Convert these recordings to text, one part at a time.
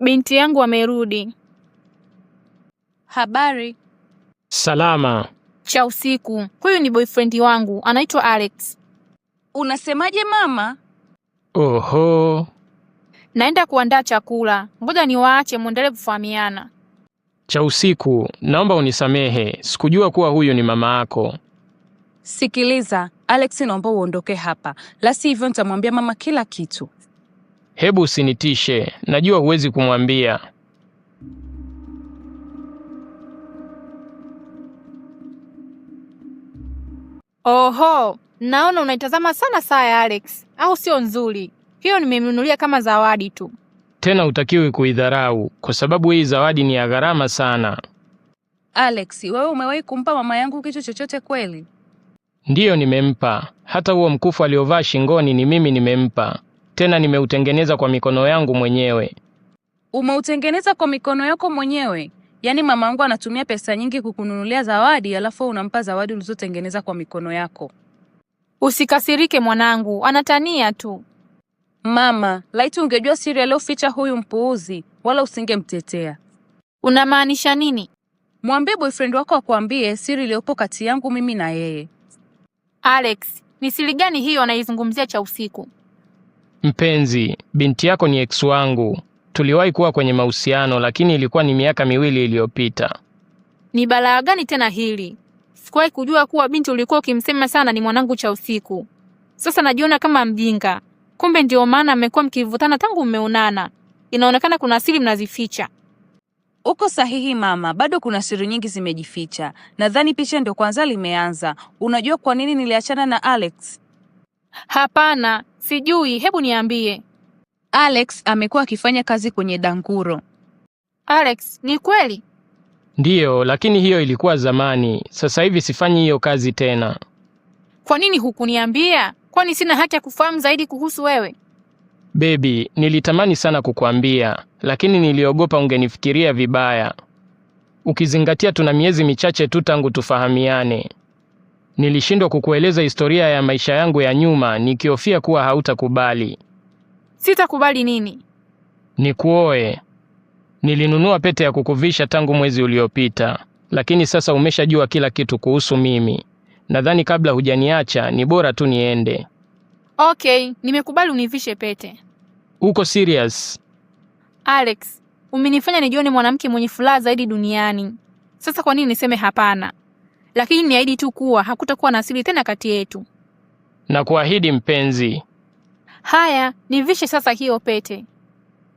Binti yangu amerudi. Habari. Salama. Cha usiku. Huyu ni boyfriend wangu, anaitwa Alex. Unasemaje mama? Oho. Naenda kuandaa chakula. Ngoja niwaache muendelee kufahamiana. Cha usiku, naomba unisamehe, sikujua kuwa huyu ni mama yako. Sikiliza Alex, naomba uondoke hapa, la sivyo nitamwambia mama kila kitu. Hebu usinitishe, najua huwezi kumwambia. Oho, naona unaitazama sana saa ya Alex, au sio nzuri? Hiyo nimemnunulia kama zawadi tu. Tena hutakiwi kuidharau kwa sababu hii zawadi ni ya gharama sana. Alex, wewe umewahi kumpa mama yangu kitu chochote kweli? Ndiyo, nimempa. Hata huo mkufu aliovaa shingoni ni mimi nimempa tena nimeutengeneza kwa mikono yangu mwenyewe. Umeutengeneza kwa mikono yako mwenyewe? Yaani mama yangu anatumia pesa nyingi kukununulia zawadi, alafu unampa zawadi ulizotengeneza kwa mikono yako? Usikasirike mwanangu, anatania tu. Mama, laiti ungejua siri aliyoficha huyu mpuuzi, wala usingemtetea. Unamaanisha nini? Mwambie boyfriend wako akwambie siri iliyopo kati yangu mimi na yeye. Alex, ni siri gani hiyo anaizungumzia cha usiku? Mpenzi, binti yako ni ex wangu. Tuliwahi kuwa kwenye mahusiano, lakini ilikuwa ni miaka miwili iliyopita. Ni balaa gani tena hili? Sikuwahi kujua kuwa binti ulikuwa ukimsema sana ni mwanangu cha usiku. Sasa najiona kama mjinga, kumbe ndio maana mmekuwa mkivutana tangu mmeonana. Inaonekana kuna siri mnazificha. Uko sahihi mama, bado kuna siri nyingi zimejificha. Nadhani picha ndio kwanza limeanza. Unajua kwa nini niliachana na Alex? Hapana, sijui, hebu niambie. Alex amekuwa akifanya kazi kwenye danguro. Alex, ni kweli? Ndiyo, lakini hiyo ilikuwa zamani. Sasa hivi sifanyi hiyo kazi tena. Kwa nini hukuniambia? Kwani sina haki ya kufahamu zaidi kuhusu wewe? Bebi, nilitamani sana kukuambia, lakini niliogopa ungenifikiria vibaya, ukizingatia tuna miezi michache tu tangu tufahamiane. Nilishindwa kukueleza historia ya maisha yangu ya nyuma nikihofia kuwa hautakubali. Sitakubali nini? Nikuoe. Nilinunua pete ya kukuvisha tangu mwezi uliopita, lakini sasa umeshajua kila kitu kuhusu mimi. Nadhani kabla hujaniacha ni bora tu niende. Okay, nimekubali univishe pete. Uko serious? Alex, umenifanya nijione mwanamke mwenye furaha zaidi duniani. Sasa kwa nini niseme hapana? lakini niahidi tu kuwa hakutakuwa na siri tena kati yetu. Na kuahidi mpenzi. Haya, nivishe sasa hiyo pete.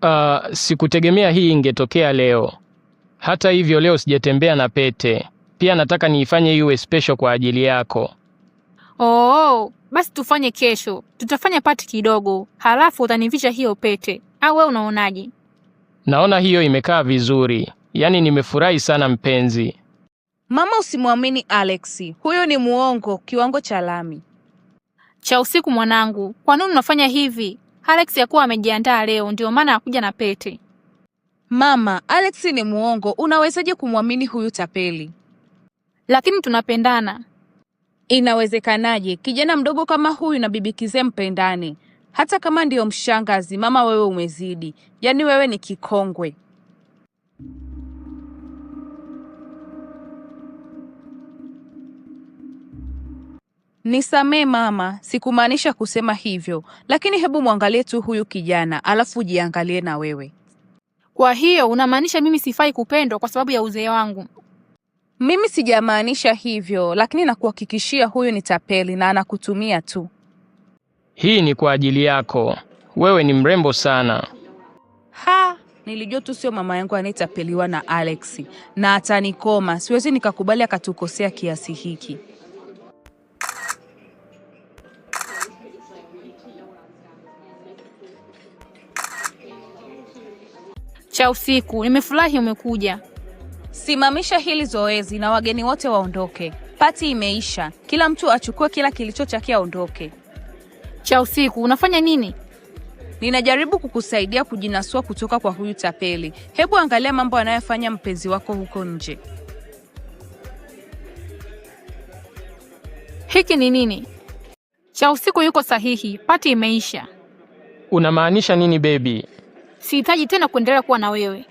Uh, sikutegemea hii ingetokea leo. Hata hivyo leo sijatembea na pete. Pia nataka niifanye iwe special kwa ajili yako. Oh, basi tufanye kesho. Tutafanya pati kidogo, halafu utanivisha hiyo pete. Au wewe unaonaje? Naona hiyo imekaa vizuri. Yaani nimefurahi sana mpenzi. Mama, usimwamini Alex, huyo ni muongo kiwango cha lami. Cha usiku mwanangu, kwa nini unafanya hivi? Alex yakuwa amejiandaa leo, ndio maana akuja na pete. Mama, Alex ni muongo, unawezaje kumwamini huyu tapeli? Lakini tunapendana. Inawezekanaje kijana mdogo kama huyu na bibi kizee mpendane? Hata kama ndiyo mshangazi, mama, wewe umezidi. Yaani wewe ni kikongwe. Nisamee mama, sikumaanisha kusema hivyo, lakini hebu mwangalie tu huyu kijana alafu ujiangalie na wewe. Kwa hiyo unamaanisha mimi sifai kupendwa kwa sababu ya uzee wangu? Mimi sijamaanisha hivyo, lakini nakuhakikishia huyu ni tapeli na anakutumia tu. Hii ni kwa ajili yako, wewe ni mrembo sana. Ha, nilijua tu sio mama yangu anayetapeliwa na Alex, na atanikoma. Siwezi nikakubali akatukosea kiasi hiki. cha usiku. Nimefurahi umekuja. Simamisha hili zoezi na wageni wote waondoke. Pati imeisha, kila mtu achukue kila kilicho chake aondoke. Cha usiku, unafanya nini? Ninajaribu kukusaidia kujinasua kutoka kwa huyu tapeli. Hebu angalia mambo anayofanya mpenzi wako huko nje. Hiki ni nini? Cha usiku yuko sahihi, pati imeisha. Unamaanisha nini bebi? Sihitaji tena kuendelea kuwa na wewe.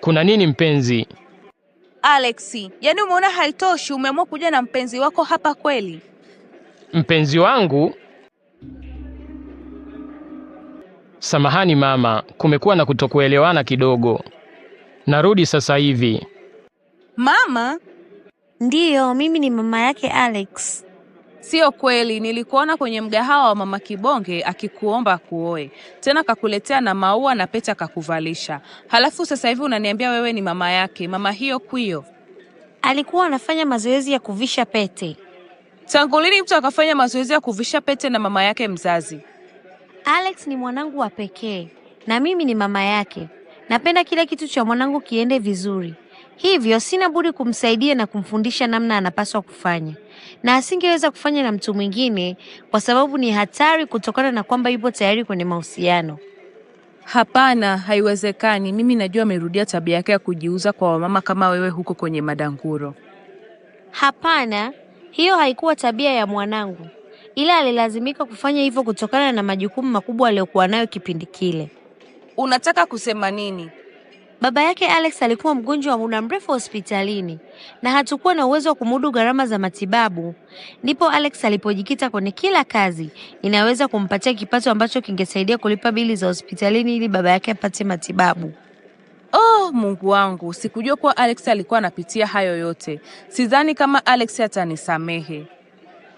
Kuna nini mpenzi? Alexi, yaani umeona haitoshi, umeamua kuja na mpenzi wako hapa kweli? Mpenzi wangu? Samahani mama, kumekuwa na kutokuelewana kidogo. Narudi sasa hivi. Mama? Ndiyo, mimi ni mama yake Alex. Sio kweli, nilikuona kwenye mgahawa wa mama Kibonge akikuomba akuoe, tena kakuletea na maua na pete kakuvalisha, halafu sasa hivi unaniambia wewe ni mama yake. Mama hiyo kwiyo alikuwa anafanya mazoezi ya kuvisha pete. Tangu lini mtu akafanya mazoezi ya kuvisha pete na mama yake mzazi? Alex ni mwanangu wa pekee na mimi ni mama yake. Napenda kila kitu cha mwanangu kiende vizuri. Hivyo sina budi kumsaidia na kumfundisha namna anapaswa kufanya, na asingeweza kufanya na mtu mwingine kwa sababu ni hatari, kutokana na kwamba yupo tayari kwenye mahusiano. Hapana, haiwezekani. Mimi najua amerudia tabia yake ya kujiuza kwa wamama kama wewe huko kwenye madanguro. Hapana, hiyo haikuwa tabia ya mwanangu, ila alilazimika kufanya hivyo kutokana na majukumu makubwa aliyokuwa nayo kipindi kile. Unataka kusema nini? Baba yake Alex alikuwa mgonjwa wa muda mrefu hospitalini na hatakuwa na uwezo wa kumudu gharama za matibabu. Ndipo Alex alipojikita kwenye kila kazi inaweza kumpatia kipato ambacho kingesaidia kulipa bili za hospitalini ili baba yake apate matibabu. Oh, Mungu wangu, sikujua kuwa Alex alikuwa anapitia hayo yote. Sidhani kama Alex atanisamehe.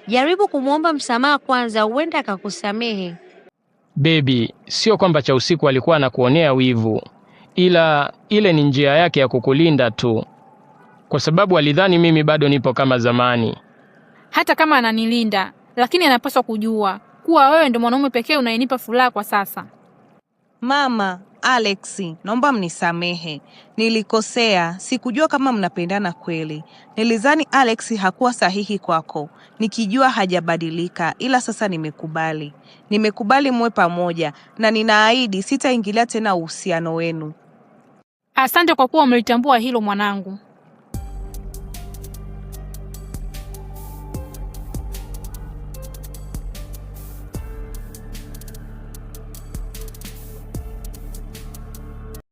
Jaribu kumwomba msamaha kwanza, huenda akakusamehe. Bebi, sio kwamba cha usiku alikuwa anakuonea wivu ila ile ni njia yake ya kukulinda tu, kwa sababu alidhani mimi bado nipo kama zamani. Hata kama ananilinda, lakini anapaswa kujua kuwa wewe ndio mwanaume pekee unayenipa furaha kwa sasa. Mama Alexi, naomba mnisamehe, nilikosea. Sikujua kama mnapendana kweli. nilizani Alexi hakuwa sahihi kwako, nikijua hajabadilika, ila sasa nimekubali. Nimekubali muwe pamoja, na ninaahidi sitaingilia tena uhusiano wenu. Asante kwa kuwa umelitambua hilo mwanangu.